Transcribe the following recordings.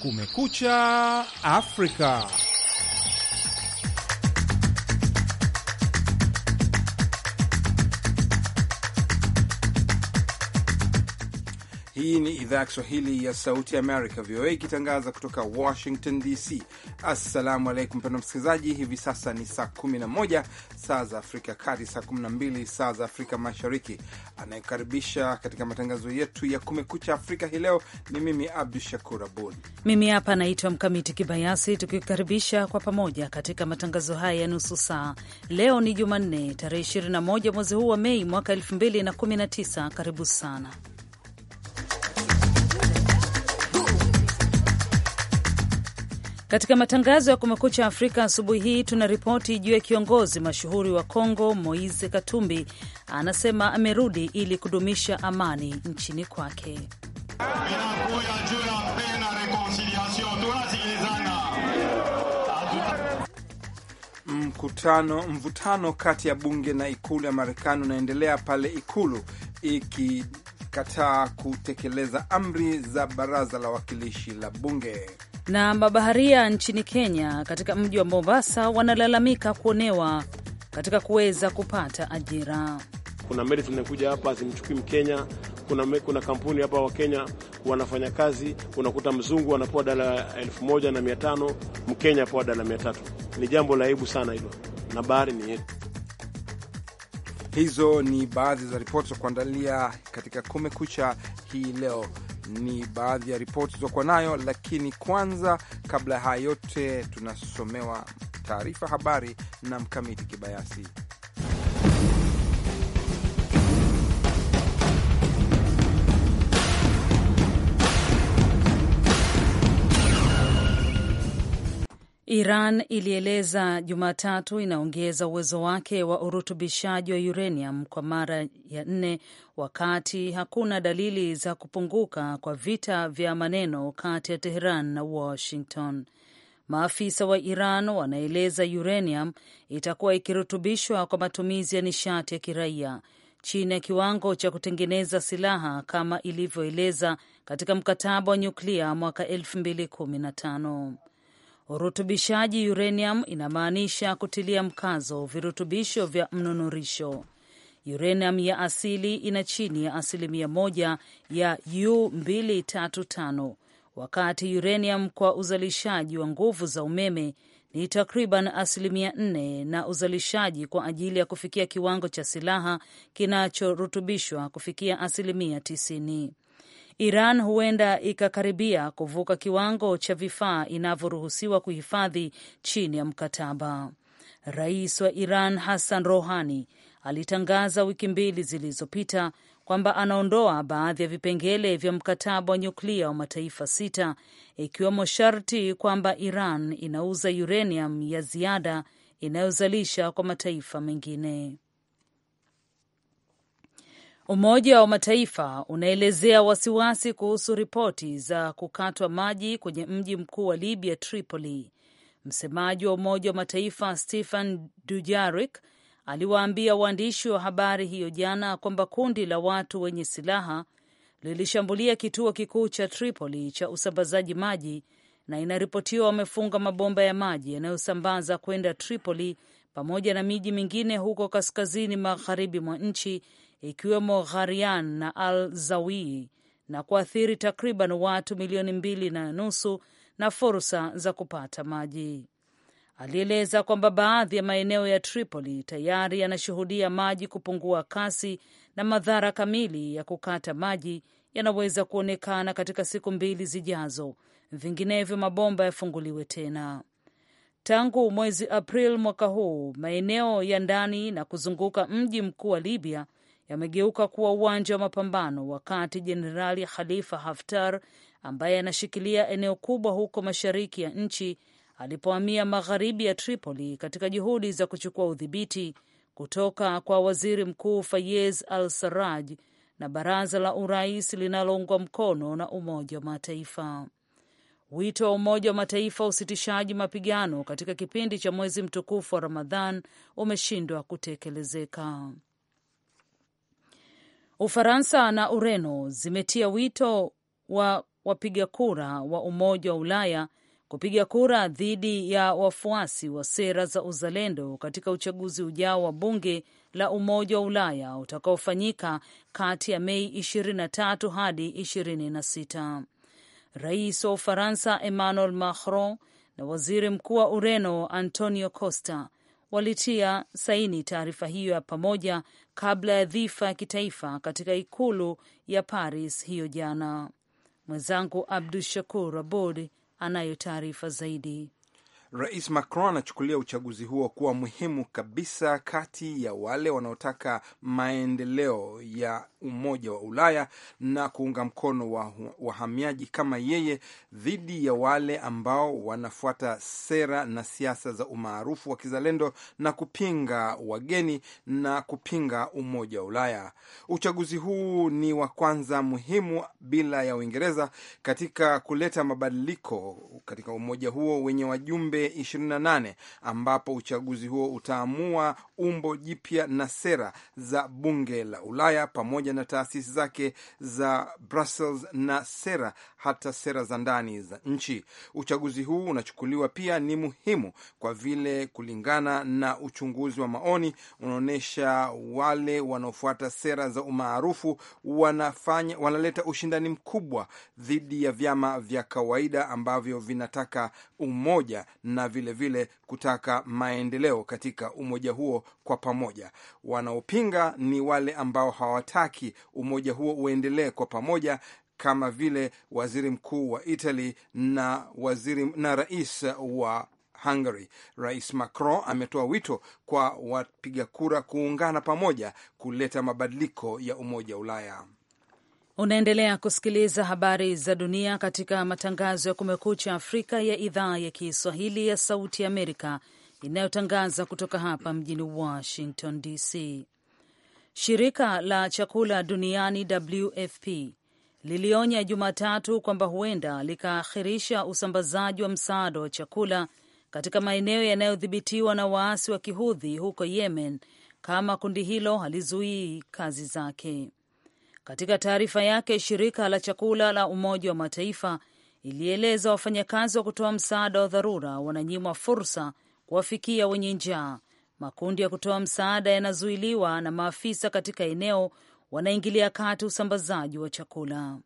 Kumekucha Afrika. Hii ni idhaa ya Kiswahili ya Sauti ya Amerika, VOA, ikitangaza kutoka Washington DC. Assalamu alaikum mpendwa msikilizaji, hivi sasa ni saa 11 saa za Afrika Kati, saa 12 saa za Afrika Mashariki. Anayekaribisha katika matangazo yetu ya Kumekucha Afrika hii leo ni mimi Abdu Shakur Abud. Mimi hapa naitwa Mkamiti Kibayasi, tukikaribisha kwa pamoja katika matangazo haya ya nusu saa. Leo ni Jumanne tarehe 21 mwezi huu wa Mei mwaka 2019. Karibu sana Katika matangazo ya Kumekucha Afrika asubuhi hii tuna ripoti juu ya kiongozi mashuhuri wa Kongo Moise Katumbi anasema amerudi ili kudumisha amani nchini kwake. Mkutano, mvutano kati ya bunge na ikulu ya Marekani unaendelea pale ikulu ikikataa kutekeleza amri za baraza la wakilishi la bunge. Na mabaharia nchini Kenya katika mji wa Mombasa wanalalamika kuonewa katika kuweza kupata ajira. Kuna meli zinakuja hapa zimchukui Mkenya. Kuna, kuna kampuni hapa wa Kenya wanafanya kazi, unakuta mzungu anapewa dala elfu moja na mia tano Mkenya apewa dala mia tatu Ni jambo la aibu sana hilo, na bahari ni yetu. Hizo ni baadhi za ripoti za kuandalia katika Kumekucha hii leo ni baadhi ya ripoti tulizokuwa nayo, lakini kwanza, kabla ya haya yote, tunasomewa taarifa habari na Mkamiti Kibayasi. Iran ilieleza Jumatatu inaongeza uwezo wake wa urutubishaji wa uranium kwa mara ya nne, wakati hakuna dalili za kupunguka kwa vita vya maneno kati ya Teheran na Washington. Maafisa wa Iran wanaeleza uranium itakuwa ikirutubishwa kwa matumizi ya nishati ya kiraia chini ya kiwango cha kutengeneza silaha kama ilivyoeleza katika mkataba wa nyuklia mwaka 215 Urutubishaji uranium inamaanisha kutilia mkazo virutubisho vya mnunurisho. Uranium ya asili ina chini ya asilimia moja ya U235 wakati uranium kwa uzalishaji wa nguvu za umeme ni takriban asilimia nne na uzalishaji kwa ajili ya kufikia kiwango cha silaha kinachorutubishwa kufikia asilimia tisini. Iran huenda ikakaribia kuvuka kiwango cha vifaa inavyoruhusiwa kuhifadhi chini ya mkataba. Rais wa Iran Hassan rohani alitangaza wiki mbili zilizopita kwamba anaondoa baadhi ya vipengele vya mkataba wa nyuklia wa mataifa sita ikiwemo sharti kwamba Iran inauza uranium ya ziada inayozalisha kwa mataifa mengine. Umoja wa Mataifa unaelezea wasiwasi kuhusu ripoti za kukatwa maji kwenye mji mkuu wa Libya, Tripoli. Msemaji wa Umoja wa Mataifa stephen Dujarric aliwaambia waandishi wa habari hiyo jana kwamba kundi la watu wenye silaha lilishambulia kituo kikuu cha Tripoli cha usambazaji maji na inaripotiwa wamefunga mabomba ya maji yanayosambaza kwenda Tripoli pamoja na miji mingine huko kaskazini magharibi mwa nchi ikiwemo Gharian na Al Zawii na kuathiri takriban watu milioni mbili na nusu na fursa za kupata maji. Alieleza kwamba baadhi ya maeneo ya Tripoli tayari yanashuhudia maji kupungua kasi na madhara kamili ya kukata maji yanaweza kuonekana katika siku mbili zijazo, vinginevyo mabomba yafunguliwe tena. Tangu mwezi Aprili mwaka huu, maeneo ya ndani na kuzunguka mji mkuu wa Libya yamegeuka kuwa uwanja wa mapambano wakati Jenerali Khalifa Haftar ambaye anashikilia eneo kubwa huko mashariki ya nchi alipohamia magharibi ya Tripoli katika juhudi za kuchukua udhibiti kutoka kwa waziri mkuu Fayez al Saraj na baraza la urais linaloungwa mkono na Umoja wa Mataifa. Wito wa Umoja wa Mataifa usitishaji mapigano katika kipindi cha mwezi mtukufu wa Ramadhan umeshindwa kutekelezeka. Ufaransa na Ureno zimetia wito wa wapiga kura wa Umoja wa Ulaya kupiga kura dhidi ya wafuasi wa sera za uzalendo katika uchaguzi ujao wa bunge la Umoja wa Ulaya utakaofanyika kati ya Mei 23 hadi 26. Rais wa Ufaransa Emmanuel Macron na waziri mkuu wa Ureno Antonio Costa walitia saini taarifa hiyo ya pamoja kabla ya dhifa ya kitaifa katika ikulu ya Paris hiyo jana. Mwenzangu Abdu Shakur abud anayo taarifa zaidi. Rais Macron anachukulia uchaguzi huo kuwa muhimu kabisa kati ya wale wanaotaka maendeleo ya Umoja wa Ulaya na kuunga mkono wa wahamiaji kama yeye dhidi ya wale ambao wanafuata sera na siasa za umaarufu wa kizalendo na kupinga wageni na kupinga Umoja wa Ulaya. Uchaguzi huu ni wa kwanza muhimu bila ya Uingereza katika kuleta mabadiliko katika umoja huo wenye wajumbe Novemba 28 ambapo uchaguzi huo utaamua umbo jipya na sera za bunge la Ulaya pamoja na taasisi zake za Brussels na sera hata sera za ndani za nchi. Uchaguzi huu unachukuliwa pia ni muhimu kwa vile, kulingana na uchunguzi wa maoni, unaonyesha wale wanaofuata sera za umaarufu wanafanya wanaleta ushindani mkubwa dhidi ya vyama vya kawaida ambavyo vinataka umoja na vilevile vile kutaka maendeleo katika umoja huo kwa pamoja. Wanaopinga ni wale ambao hawataki umoja huo uendelee kwa pamoja kama vile waziri mkuu wa Italy na waziri na rais wa Hungary. Rais Macron ametoa wito kwa wapiga kura kuungana pamoja kuleta mabadiliko ya umoja Ulaya. Unaendelea kusikiliza habari za dunia katika matangazo ya Kumekucha Afrika ya idhaa ya Kiswahili ya Sauti Amerika inayotangaza kutoka hapa mjini Washington DC. Shirika la chakula duniani WFP lilionya Jumatatu kwamba huenda likaakhirisha usambazaji wa msaada wa chakula katika maeneo yanayodhibitiwa na waasi wa kihudhi huko Yemen kama kundi hilo halizuii kazi zake. Katika taarifa yake, shirika la chakula la Umoja wa Mataifa ilieleza wafanyakazi wa kutoa msaada wa dharura wananyimwa fursa kuwafikia wenye njaa. Makundi ya kutoa msaada yanazuiliwa na maafisa katika eneo wanaingilia kati usambazaji wa chakula.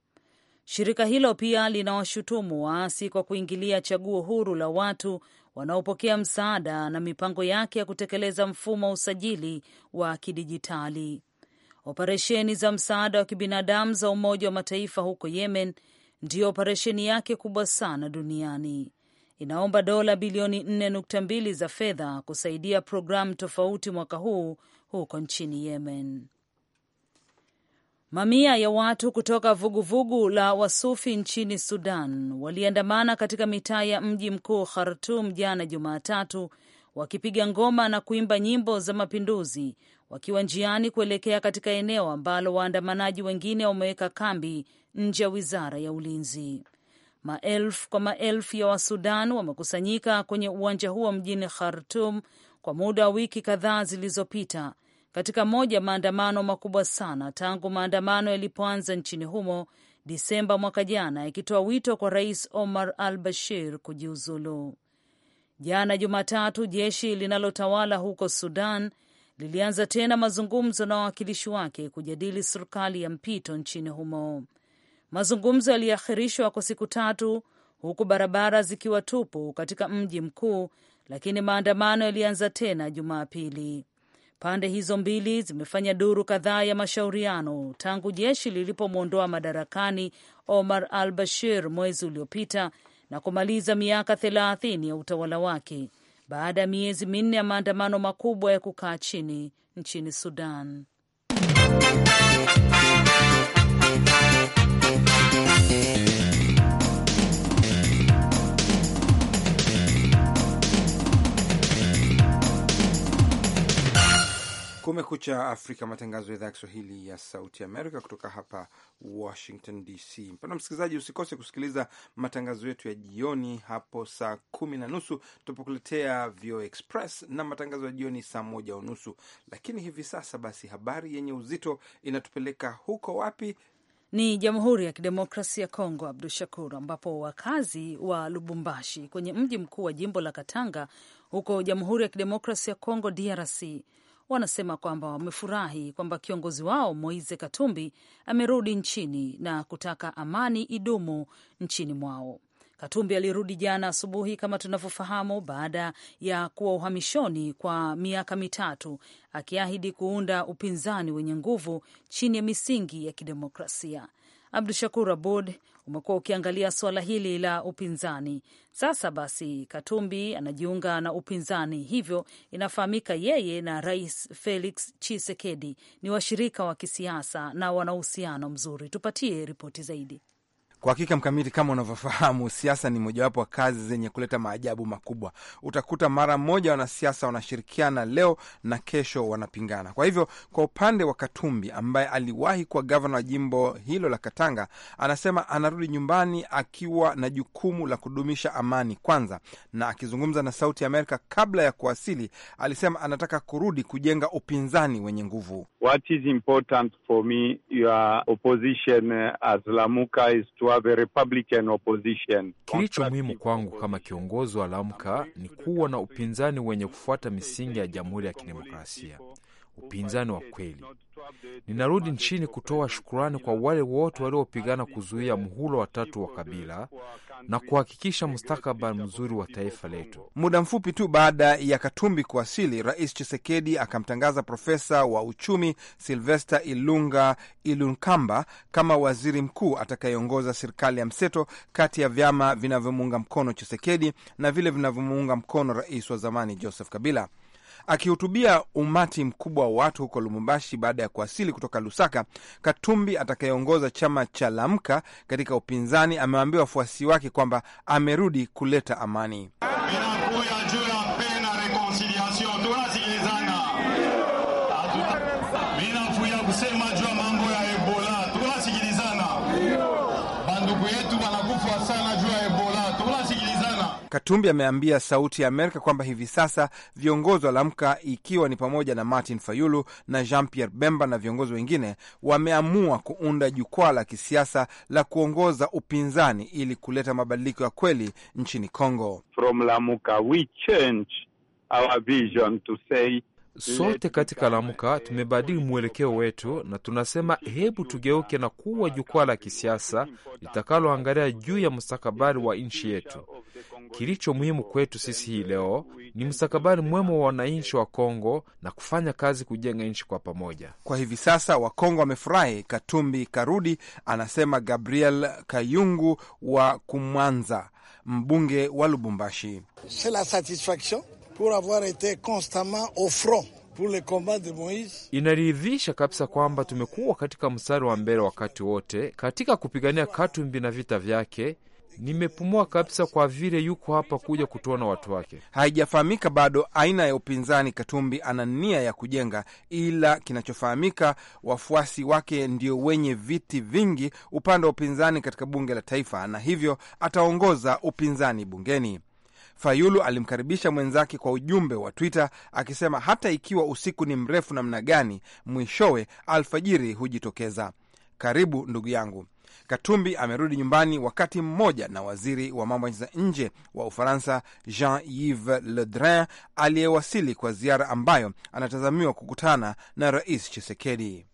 Shirika hilo pia linawashutumu waasi kwa kuingilia chaguo huru la watu wanaopokea msaada na mipango yake ya kutekeleza mfumo wa usajili wa kidijitali. Operesheni za msaada wa kibinadamu za Umoja wa Mataifa huko Yemen ndiyo operesheni yake kubwa sana duniani. Inaomba dola bilioni 4.2 za fedha kusaidia programu tofauti mwaka huu huko nchini Yemen. Mamia ya watu kutoka vuguvugu vugu la wasufi nchini Sudan waliandamana katika mitaa ya mji mkuu Khartum jana Jumatatu, wakipiga ngoma na kuimba nyimbo za mapinduzi wakiwa njiani kuelekea katika eneo ambalo waandamanaji wengine wameweka kambi nje ya wizara ya ulinzi. Maelfu kwa maelfu ya Wasudan wamekusanyika kwenye uwanja huo mjini Khartum kwa muda wa wiki kadhaa zilizopita katika moja ya maandamano makubwa sana tangu maandamano yalipoanza nchini humo Disemba mwaka jana, yakitoa wito kwa Rais Omar al Bashir kujiuzulu. Jana Jumatatu, jeshi linalotawala huko Sudan lilianza tena mazungumzo na wawakilishi wake kujadili serikali ya mpito nchini humo. Mazungumzo yaliahirishwa kwa siku tatu huku barabara zikiwa tupu katika mji mkuu, lakini maandamano yalianza tena Jumapili. Pande hizo mbili zimefanya duru kadhaa ya mashauriano tangu jeshi lilipomwondoa madarakani Omar al Bashir mwezi uliopita na kumaliza miaka thelathini ya utawala wake baada ya miezi minne ya maandamano makubwa ya kukaa chini nchini Sudan. Kumekucha Afrika, matangazo ya idhaa ya Kiswahili ya Sauti Amerika kutoka hapa Washington DC. Mpendwa msikilizaji, usikose kusikiliza matangazo yetu ya jioni hapo saa kumi na nusu tutapokuletea VOA Express na matangazo ya jioni saa moja unusu. Lakini hivi sasa basi, habari yenye uzito inatupeleka huko wapi? Ni Jamhuri ya Kidemokrasi ya Kongo, Abdu Shakur, ambapo wakazi wa Lubumbashi kwenye mji mkuu wa jimbo la Katanga huko Jamhuri ya Kidemokrasi ya Kongo, DRC wanasema kwamba wamefurahi kwamba kiongozi wao Moise Katumbi amerudi nchini na kutaka amani idumu nchini mwao. Katumbi alirudi jana asubuhi kama tunavyofahamu, baada ya kuwa uhamishoni kwa miaka mitatu, akiahidi kuunda upinzani wenye nguvu chini ya misingi ya kidemokrasia. Abdu Shakur Abud umekuwa ukiangalia suala hili la upinzani. Sasa basi, Katumbi anajiunga na upinzani, hivyo inafahamika yeye na Rais Felix Tshisekedi ni washirika wa kisiasa na wana uhusiano mzuri. Tupatie ripoti zaidi. Kwa hakika Mkamiti, kama unavyofahamu, siasa ni mojawapo wa kazi zenye kuleta maajabu makubwa. Utakuta mara moja wanasiasa wanashirikiana leo na kesho wanapingana. Kwa hivyo, kwa upande wa Katumbi ambaye aliwahi kuwa gavana wa jimbo hilo la Katanga, anasema anarudi nyumbani akiwa na jukumu la kudumisha amani kwanza. Na akizungumza na Sauti ya Amerika kabla ya kuwasili, alisema anataka kurudi kujenga upinzani wenye nguvu. What is important for me, your opposition uh, as Lamuka is to have Republican opposition. Kilicho muhimu kwangu kama kiongozi wa lamka ni kuwa na upinzani wenye kufuata misingi ya Jamhuri ya Kidemokrasia, upinzani wa kweli Ninarudi nchini kutoa shukurani kwa wale wote waliopigana kuzuia muhula watatu wa Kabila na kuhakikisha mustakabali mzuri wa taifa letu. Muda mfupi tu baada ya Katumbi kuwasili, Rais Chisekedi akamtangaza profesa wa uchumi Silvesta Ilunga Ilunkamba kama waziri mkuu atakayeongoza serikali ya mseto kati ya vyama vinavyomuunga mkono Chisekedi na vile vinavyomuunga mkono rais wa zamani Joseph Kabila. Akihutubia umati mkubwa wa watu huko Lubumbashi baada ya kuwasili kutoka Lusaka, Katumbi atakayeongoza chama cha Lamka katika upinzani amewaambia wafuasi wake kwamba amerudi kuleta amani. Katumbi ameambia Sauti ya Amerika kwamba hivi sasa viongozi wa Lamka, ikiwa ni pamoja na Martin Fayulu na Jean Pierre Bemba na viongozi wengine, wameamua kuunda jukwaa la kisiasa la kuongoza upinzani ili kuleta mabadiliko ya kweli nchini Kongo. From Lamuka we change our vision to say Sote katika Lamuka uh, tumebadili mwelekeo wetu na tunasema hebu tugeuke na kuwa jukwaa la kisiasa litakaloangalia uh, juu ya mustakabali wa nchi yetu. Kilicho muhimu kwetu sisi hii uh, leo ni mustakabali mwema wa wananchi wa Kongo na kufanya kazi kujenga nchi kwa pamoja. Kwa hivi sasa Wakongo wamefurahi, Katumbi Karudi anasema Gabriel Kayungu wa Kumwanza, mbunge wa Lubumbashi pour avoir été constamment au front pour le combat de Moise. Inaridhisha kabisa kwamba tumekuwa katika mstari wa mbele wakati wote katika kupigania Katumbi na vita vyake. Nimepumua kabisa kwa vile yuko hapa kuja kutuona watu wake. Haijafahamika bado aina ya upinzani Katumbi ana nia ya kujenga, ila kinachofahamika wafuasi wake ndio wenye viti vingi upande wa upinzani katika bunge la taifa, na hivyo ataongoza upinzani bungeni. Fayulu alimkaribisha mwenzake kwa ujumbe wa Twitter akisema hata ikiwa usiku ni mrefu namna gani, mwishowe alfajiri hujitokeza. Karibu ndugu yangu. Katumbi amerudi nyumbani wakati mmoja na waziri wa mambo za nje wa Ufaransa Jean-Yves Le Drian aliyewasili kwa ziara ambayo anatazamiwa kukutana na Rais chisekedi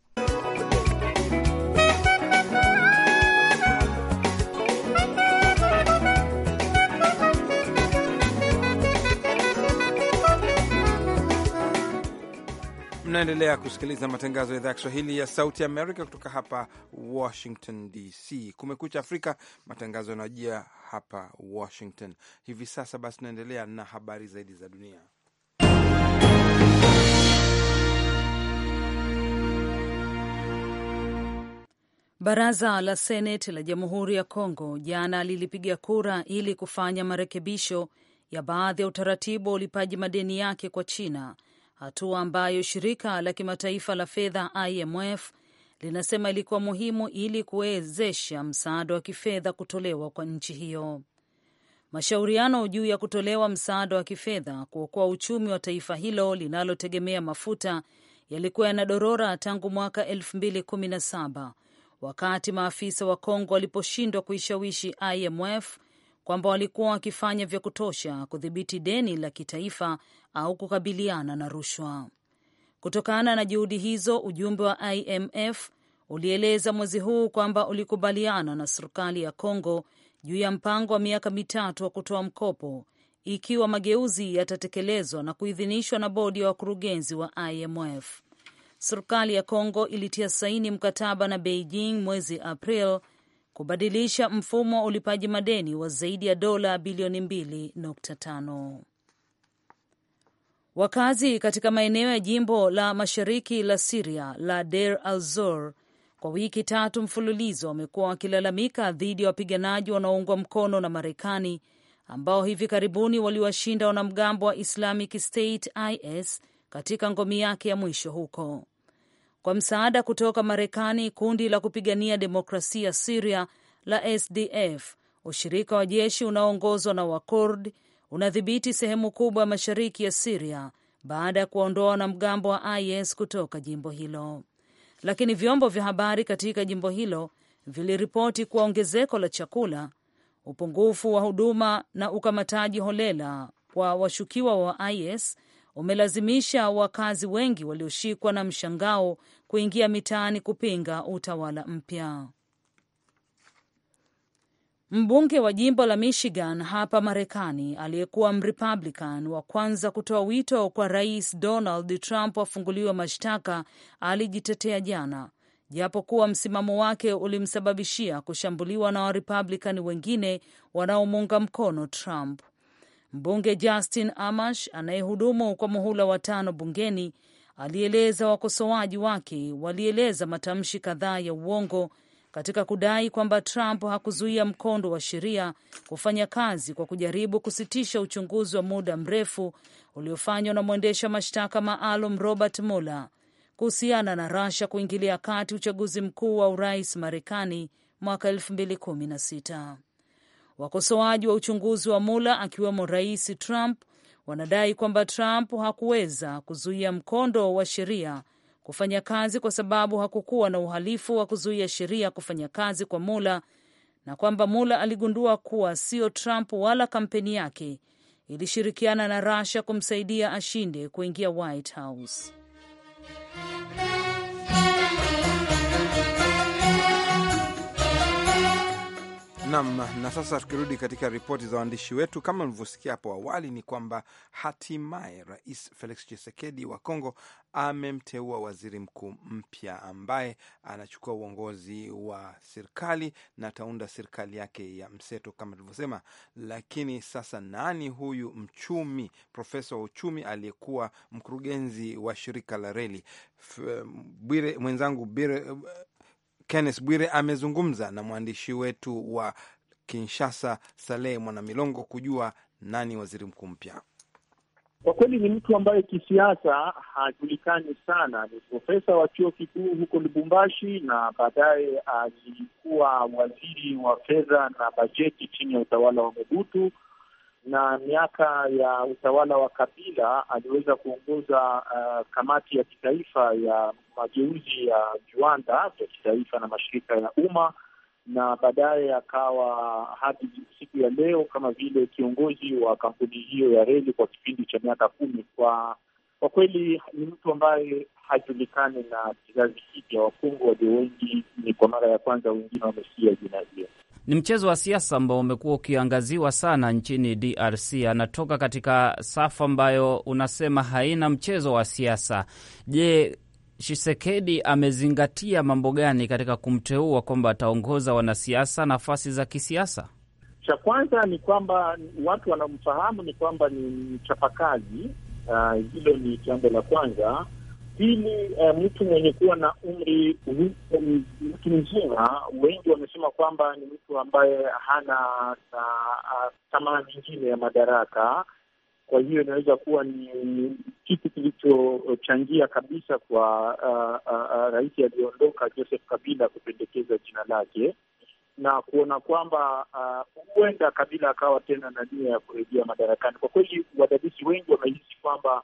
Mnaendelea kusikiliza matangazo ya idhaa ya Kiswahili ya Sauti Amerika kutoka hapa Washington DC. Kumekucha Afrika, matangazo yanajia hapa Washington hivi sasa. Basi tunaendelea na habari zaidi za dunia. Baraza la Seneti la Jamhuri ya Kongo jana lilipiga kura ili kufanya marekebisho ya baadhi ya utaratibu wa ulipaji madeni yake kwa China hatua ambayo shirika la kimataifa la fedha IMF linasema ilikuwa muhimu ili kuwezesha msaada wa kifedha kutolewa kwa nchi hiyo. Mashauriano juu ya kutolewa msaada wa kifedha kuokoa uchumi wa taifa hilo linalotegemea mafuta yalikuwa yanadorora tangu mwaka 2017 wakati maafisa wa Kongo waliposhindwa kuishawishi IMF kwamba walikuwa wakifanya vya kutosha kudhibiti deni la kitaifa au kukabiliana na rushwa. Kutokana na juhudi hizo, ujumbe wa IMF ulieleza mwezi huu kwamba ulikubaliana na serikali ya congo juu ya mpango wa miaka mitatu wa kutoa mkopo ikiwa mageuzi yatatekelezwa na kuidhinishwa na bodi ya wakurugenzi wa IMF. Serikali ya congo ilitia saini mkataba na Beijing mwezi April kubadilisha mfumo wa ulipaji madeni wa zaidi ya dola bilioni 2.5. Wakazi katika maeneo ya jimbo la mashariki la Siria la Deir al-Zor kwa wiki tatu mfululizo wamekuwa wakilalamika dhidi ya wapiganaji wanaoungwa mkono na Marekani ambao hivi karibuni waliwashinda wanamgambo wa Islamic State IS katika ngome yake ya mwisho huko kwa msaada kutoka Marekani, kundi la kupigania demokrasia Siria la SDF, ushirika wa jeshi unaoongozwa na Wakurd, unadhibiti sehemu kubwa ya mashariki ya Siria baada ya kuwaondoa wanamgambo wa IS kutoka jimbo hilo. Lakini vyombo vya habari katika jimbo hilo viliripoti kuwa ongezeko la chakula, upungufu wa huduma na ukamataji holela kwa washukiwa wa IS umelazimisha wakazi wengi walioshikwa na mshangao kuingia mitaani kupinga utawala mpya. Mbunge wa jimbo la Michigan hapa Marekani aliyekuwa Mrepublican wa kwanza kutoa wito kwa Rais Donald Trump afunguliwe mashtaka alijitetea jana, japo kuwa msimamo wake ulimsababishia kushambuliwa na Warepublican wengine wanaomuunga mkono Trump. Mbunge Justin Amash anayehudumu kwa muhula wa tano bungeni alieleza wakosoaji wake walieleza matamshi kadhaa ya uongo katika kudai kwamba Trump hakuzuia mkondo wa sheria kufanya kazi kwa kujaribu kusitisha uchunguzi wa muda mrefu uliofanywa na mwendesha mashtaka maalum Robert Mueller kuhusiana na Russia kuingilia kati uchaguzi mkuu wa urais Marekani mwaka 2016. Wakosoaji wa uchunguzi wa Mueller akiwemo Rais Trump wanadai kwamba Trump hakuweza kuzuia mkondo wa sheria kufanya kazi kwa sababu hakukuwa na uhalifu wa kuzuia sheria kufanya kazi kwa Mula na kwamba Mula aligundua kuwa sio Trump wala kampeni yake ilishirikiana na Russia kumsaidia ashinde kuingia White House. Nam. Na sasa tukirudi katika ripoti za waandishi wetu, kama mlivyosikia hapo awali, ni kwamba hatimaye Rais Felix Tshisekedi wa Kongo amemteua waziri mkuu mpya ambaye anachukua uongozi wa serikali na ataunda serikali yake ya mseto kama tulivyosema. Lakini sasa nani huyu mchumi, profesa wa uchumi aliyekuwa mkurugenzi wa shirika la reli? Bwire mwenzangu Bwire Kenneth Bwire amezungumza na mwandishi wetu wa Kinshasa, Salehe Mwanamilongo, kujua nani waziri mkuu mpya. Kwa kweli ni mtu ambaye kisiasa hajulikani sana. Ni profesa wa chuo kikuu huko Lubumbashi, na baadaye alikuwa waziri wa fedha na bajeti chini ya utawala wa Mobutu na miaka ya utawala wa Kabila aliweza kuongoza uh, kamati ya kitaifa ya mageuzi ya viwanda vya kitaifa na mashirika ya umma, na baadaye akawa hadi siku ya leo kama vile kiongozi wa kampuni hiyo ya reli kwa kipindi cha miaka kumi. Kwa kwa kweli ni mtu ambaye hajulikani na kizazi kipya. Wakongo walio wengi ni kwa mara ya kwanza, wengine wamesikia jina hiyo. Ni mchezo wa siasa ambao umekuwa ukiangaziwa sana nchini DRC. Anatoka katika safu ambayo unasema haina mchezo wa siasa. Je, Shisekedi amezingatia mambo gani katika kumteua kwamba ataongoza wanasiasa nafasi za kisiasa? Cha kwanza ni kwamba watu wanamfahamu ni kwamba ni mchapakazi. Ah, hilo uh, ni jambo la kwanza. Pili, uh, eh, mtu mwenye kuwa na umri um, mtu mzima, wengi wamesema kwamba ni mtu ambaye hana na ah, tamaa nyingine ya madaraka. Kwa hiyo inaweza kuwa ni kitu kilichochangia kabisa kwa uh, uh, rais aliyeondoka Joseph Kabila kupendekeza jina lake na kuona kwamba huenda uh, Kabila akawa tena na nia ya kurejea madarakani. Kwa kweli wadadisi wengi wamehisi kwamba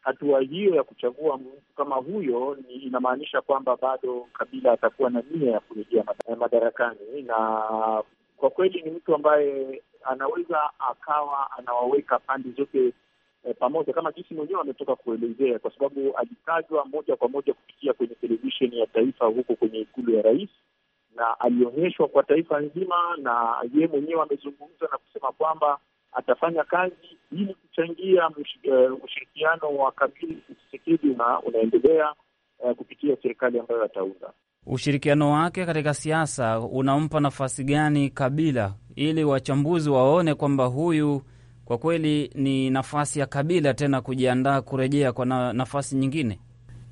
hatua hiyo ya kuchagua mtu kama huyo ni inamaanisha kwamba bado Kabila atakuwa na nia ya kurejea eh, madarakani, na kwa kweli ni mtu ambaye anaweza akawa anawaweka pande zote e, pamoja kama jinsi mwenyewe ametoka kuelezea, kwa sababu alitajwa moja kwa moja kupitia kwenye televisheni ya taifa huko kwenye ikulu ya rais, na alionyeshwa kwa taifa nzima, na yeye mwenyewe amezungumza na kusema kwamba atafanya kazi ili kuchangia eh, ushirikiano wa kabili Tshisekedi na unaendelea uh, kupitia serikali ambayo ataunda. Ushirikiano wake katika siasa unampa nafasi gani Kabila ili wachambuzi waone kwamba huyu kwa kweli ni nafasi ya Kabila tena kujiandaa kurejea kwa na, nafasi nyingine?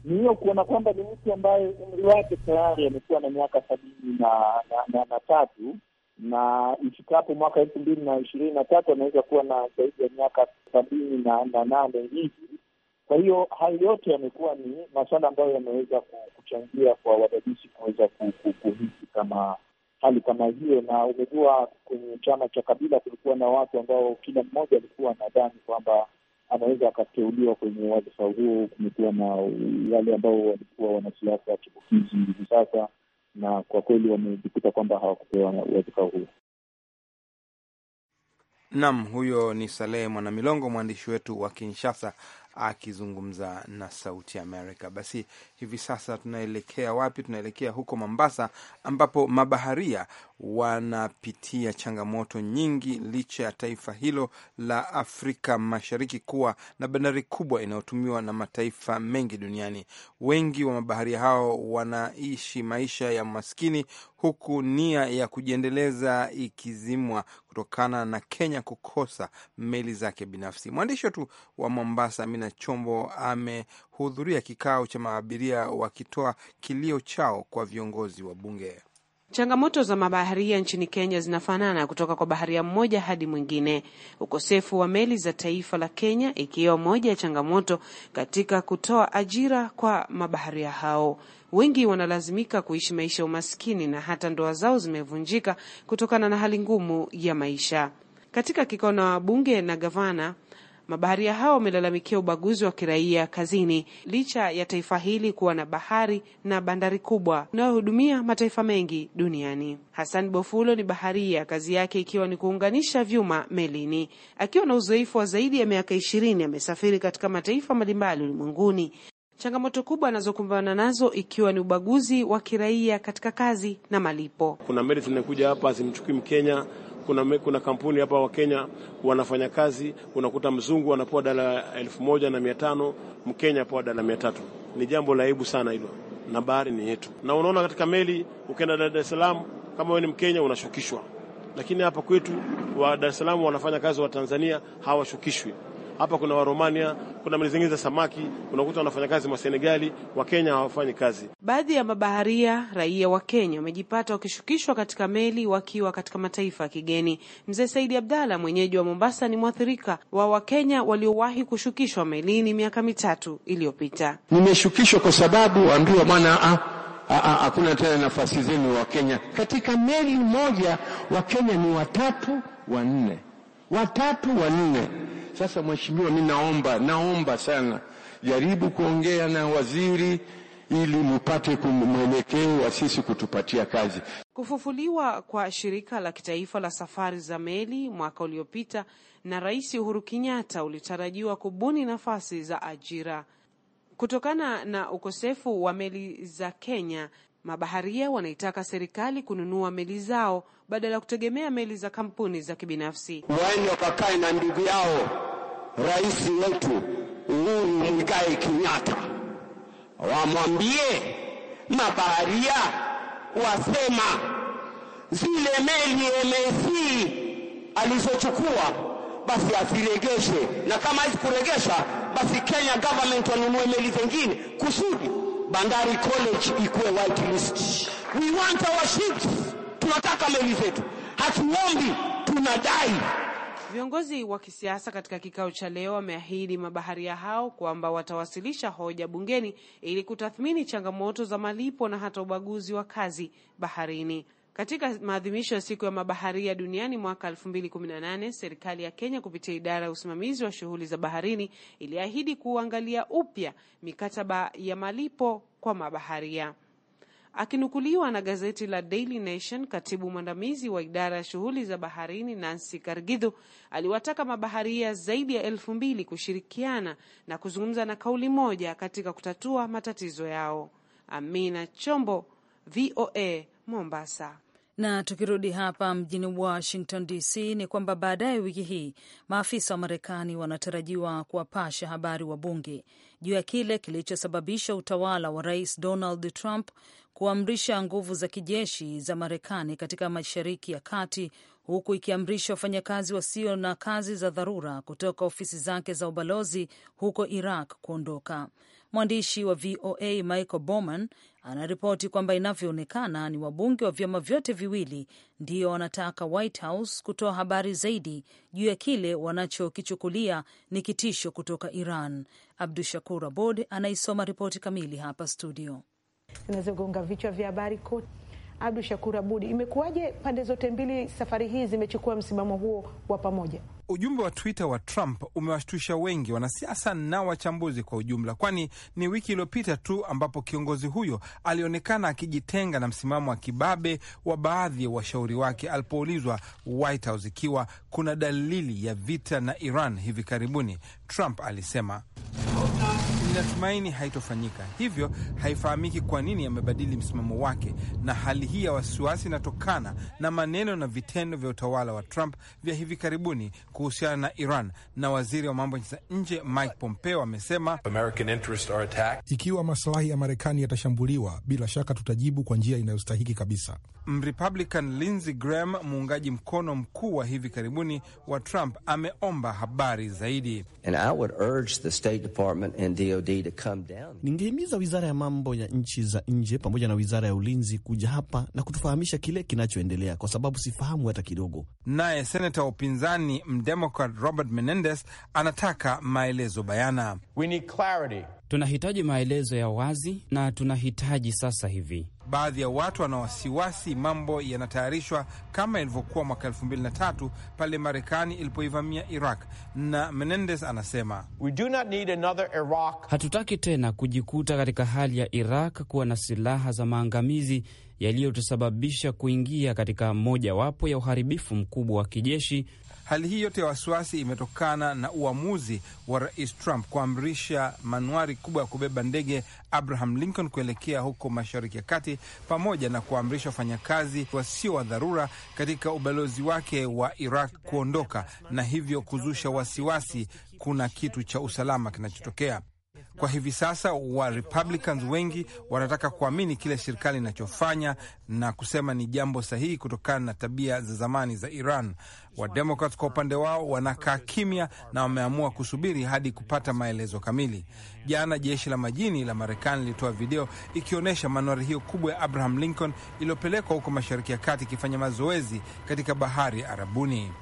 Ni hiyo kuona kwamba ni mtu ambaye umri wake tayari amekuwa na miaka sabini na, na, na, na tatu na ifikapo mwaka elfu mbili na ishirini na tatu anaweza kuwa na zaidi ya miaka sabini na, na nane hivi. Kwa hiyo hayo yote yamekuwa ni masuala ambayo yameweza kuchangia kwa wadadisi kuweza kuhisi kama hali kama hiyo. Na umejua kwenye chama cha Kabila kulikuwa na watu ambao kila mmoja alikuwa nadhani kwamba anaweza akateuliwa kwenye wadhifa huo. Kumekuwa na wale ambao walikuwa wanasiasa chipukizi hivi sasa na kwa kweli wamejikuta kwamba hawakupewa wadhifa huo. Naam, huyo ni Salehe Mwanamilongo, mwandishi wetu wa Kinshasa akizungumza na Sauti Amerika. Basi hivi sasa tunaelekea wapi? Tunaelekea huko Mombasa, ambapo mabaharia wanapitia changamoto nyingi licha ya taifa hilo la Afrika Mashariki kuwa na bandari kubwa inayotumiwa na mataifa mengi duniani. Wengi wa mabaharia hao wanaishi maisha ya maskini, huku nia ya kujiendeleza ikizimwa kutokana na Kenya kukosa meli zake binafsi. Mwandishi wetu wa Mombasa, Amina Chombo, amehudhuria kikao cha maabiria wakitoa kilio chao kwa viongozi wa bunge. Changamoto za mabaharia nchini Kenya zinafanana kutoka kwa baharia mmoja hadi mwingine. Ukosefu wa meli za taifa la Kenya ikiwa moja ya changamoto katika kutoa ajira kwa mabaharia hao. Wengi wanalazimika kuishi maisha ya umaskini na hata ndoa zao zimevunjika kutokana na hali ngumu ya maisha. Katika kikao na wabunge na gavana mabaharia hao wamelalamikia ubaguzi wa kiraia kazini, licha ya taifa hili kuwa na bahari na bandari kubwa inayohudumia mataifa mengi duniani. Hassan Bofulo ni baharia, kazi yake ikiwa ni kuunganisha vyuma melini. Akiwa na uzoefu wa zaidi ya miaka ishirini, amesafiri katika mataifa mbalimbali ulimwenguni. Changamoto kubwa anazokumbana nazo ikiwa ni ubaguzi wa kiraia katika kazi na malipo. Kuna meli zinakuja hapa, zimchukui Mkenya kuna, kuna kampuni hapa Wakenya wanafanya kazi, unakuta mzungu anapewa dala elfu moja na mia tano Mkenya apewa dala mia tatu Ni jambo la aibu sana hilo, na bahari ni yetu. Na unaona katika meli ukienda Dar es Salaam, kama wewe ni Mkenya unashukishwa, lakini hapa kwetu wa Dar es Salaam wanafanya kazi wa Tanzania hawashukishwi hapa kuna Waromania, kuna meli zingine za samaki, unakuta wanafanya kazi mwa Wakenya hawafanyi kazi. Baadhi ya mabaharia raia wa Kenya wamejipata wakishukishwa katika meli wakiwa katika mataifa ya kigeni. Mzee Saidi Abdalla, mwenyeji wa Mombasa, ni mwathirika wa Wakenya waliowahi kushukishwa melini miaka mitatu iliyopita. Nimeshukishwa kwa sababu ambiwa bwana hakuna tena nafasi zenu Wakenya. Katika meli moja Wakenya ni watatu wanne watatu wanne. Sasa mheshimiwa, mi naomba naomba sana, jaribu kuongea na waziri ili mupate mwelekeo wa sisi kutupatia kazi. Kufufuliwa kwa shirika la kitaifa la safari za meli mwaka uliopita na Rais Uhuru Kenyatta ulitarajiwa kubuni nafasi za ajira. Kutokana na ukosefu wa meli za Kenya, mabaharia wanaitaka serikali kununua meli zao badala ya kutegemea meli za kampuni za kibinafsi. Waende wakakae na ndugu yao rais wetu Uhuru Muigai Kenyatta, wamwambie mabaharia, wasema zile meli MSC alizochukua basi aziregeshe, na kama hizi kuregesha, basi Kenya government wanunue meli zingine kusudi Bandari College ikuwe white list. We want our ships tunataka meli zetu, hatuombi, tunadai. Viongozi wa kisiasa katika kikao cha leo wameahidi mabaharia hao kwamba watawasilisha hoja bungeni ili kutathmini changamoto za malipo na hata ubaguzi wa kazi baharini. Katika maadhimisho ya siku ya mabaharia duniani mwaka 2018, serikali ya Kenya kupitia idara ya usimamizi wa shughuli za baharini iliahidi kuangalia upya mikataba ya malipo kwa mabaharia. Akinukuliwa na gazeti la Daily Nation, katibu mwandamizi wa idara ya shughuli za baharini Nancy Kargidhu aliwataka mabaharia zaidi ya elfu mbili kushirikiana na kuzungumza na kauli moja katika kutatua matatizo yao. Amina Chombo, VOA Mombasa. Na tukirudi hapa mjini Washington DC ni kwamba baadaye wiki hii maafisa wa Marekani wanatarajiwa kuwapasha habari wa bunge juu ya kile kilichosababisha utawala wa Rais Donald Trump kuamrisha nguvu za kijeshi za Marekani katika Mashariki ya Kati, huku ikiamrisha wafanyakazi wasio na kazi za dharura kutoka ofisi zake za ubalozi huko Iraq kuondoka. Mwandishi wa VOA Michael Bowman anaripoti kwamba inavyoonekana ni wabunge wa vyama vyote viwili ndio wanataka White House kutoa habari zaidi juu ya kile wanachokichukulia ni kitisho kutoka Iran. Abdu Shakur Abod anaisoma ripoti kamili hapa studio zinazogonga vichwa vya habari kote. Abdu Shakur Abudi, imekuwaje pande zote mbili safari hii zimechukua msimamo huo wa pamoja? Ujumbe wa Twitter wa Trump umewashtusha wengi wanasiasa na wachambuzi kwa ujumla, kwani ni wiki iliyopita tu ambapo kiongozi huyo alionekana akijitenga na msimamo wa kibabe wa baadhi ya wa washauri wake alipoulizwa White House ikiwa kuna dalili ya vita na Iran hivi karibuni. Trump alisema inatumaini haitofanyika. Hivyo haifahamiki kwa nini amebadili msimamo wake, na hali hii ya wasiwasi inatokana na maneno na vitendo vya utawala wa Trump vya hivi karibuni kuhusiana na Iran. Na waziri wa mambo ya nje Mike Pompeo amesema ikiwa masilahi ya Marekani yatashambuliwa, bila shaka tutajibu kwa njia inayostahiki kabisa. Mrepublican Lindsey Graham, muungaji mkono mkuu wa hivi karibuni wa Trump, ameomba habari zaidi. And I would urge the State Department and DOD Ningehimiza wizara ya mambo ya nchi za nje pamoja na wizara ya ulinzi kuja hapa na kutufahamisha kile kinachoendelea, kwa sababu sifahamu hata kidogo. Naye senata wa upinzani mdemokrat Robert Menendez anataka maelezo bayana. We need clarity. Tunahitaji maelezo ya wazi na tunahitaji sasa hivi baadhi ya watu wana wasiwasi mambo yanatayarishwa kama ilivyokuwa mwaka tatu pale Marekani ilipoivamia Iraq, na Menendez anasema We do not need another Iraq. Hatutaki tena kujikuta katika hali ya Iraq kuwa na silaha za maangamizi yaliyotusababisha kuingia katika mojawapo ya uharibifu mkubwa wa kijeshi Hali hii yote ya wasiwasi imetokana na uamuzi wa Rais Trump kuamrisha manuari kubwa ya kubeba ndege Abraham Lincoln kuelekea huko Mashariki ya Kati, pamoja na kuamrisha wafanyakazi wasio wa dharura katika ubalozi wake wa Iraq kuondoka na hivyo kuzusha wasiwasi kuna kitu cha usalama kinachotokea. Kwa hivi sasa wa Republicans wengi wanataka kuamini kile serikali inachofanya na kusema ni jambo sahihi kutokana na tabia za zamani za Iran. Wademokrat kwa upande wao wanakaa kimya na wameamua kusubiri hadi kupata maelezo kamili. Jana jeshi la majini la Marekani lilitoa video ikionyesha manuari hiyo kubwa ya Abraham Lincoln iliyopelekwa huko Mashariki ya Kati ikifanya mazoezi katika bahari ya Arabuni.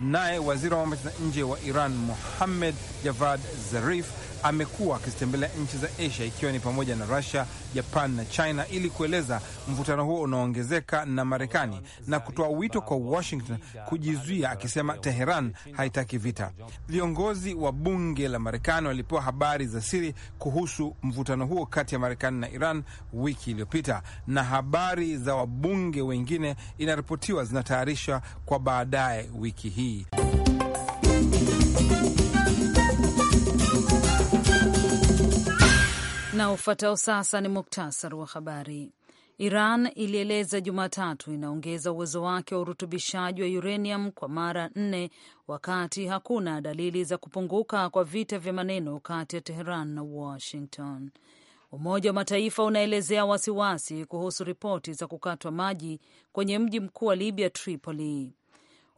Naye waziri wa mambo ya nje wa Iran muhammed Javad Zarif amekuwa akizitembelea nchi za Asia ikiwa ni pamoja na Rusia, Japan na China ili kueleza mvutano huo unaoongezeka na Marekani na kutoa wito kwa Washington kujizuia, akisema Teheran haitaki vita. Viongozi wa bunge la Marekani walipewa habari za siri kuhusu mvutano huo kati ya Marekani na Iran wiki iliyopita, na habari za wabunge wengine inaripotiwa zinatayarishwa kwa baadaye wiki hii. Na ufuatao sasa ni muktasari wa habari. Iran ilieleza Jumatatu inaongeza uwezo wake wa urutubishaji wa uranium kwa mara nne, wakati hakuna dalili za kupunguka kwa vita vya maneno kati ya Teheran na Washington. Umoja wa Mataifa unaelezea wasiwasi kuhusu ripoti za kukatwa maji kwenye mji mkuu wa Libya, Tripoli.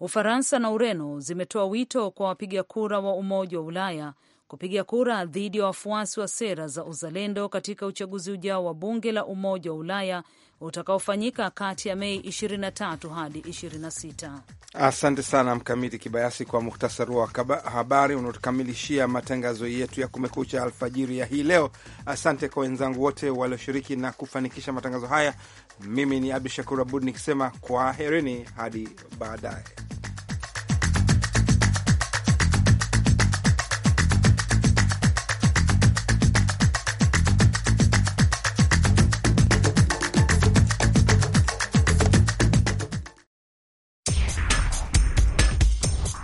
Ufaransa na Ureno zimetoa wito kwa wapiga kura wa Umoja wa Ulaya kupiga kura dhidi ya wafuasi wa sera za uzalendo katika uchaguzi ujao wa bunge la Umoja wa Ulaya utakaofanyika kati ya Mei 23 hadi 26. Asante sana Mkamiti Kibayasi kwa muhtasari wa habari unaotukamilishia matangazo yetu ya Kumekucha alfajiri ya hii leo. Asante kwa wenzangu wote walioshiriki na kufanikisha matangazo haya. Mimi ni Abdu Shakur Abud nikisema kwaherini hadi baadaye.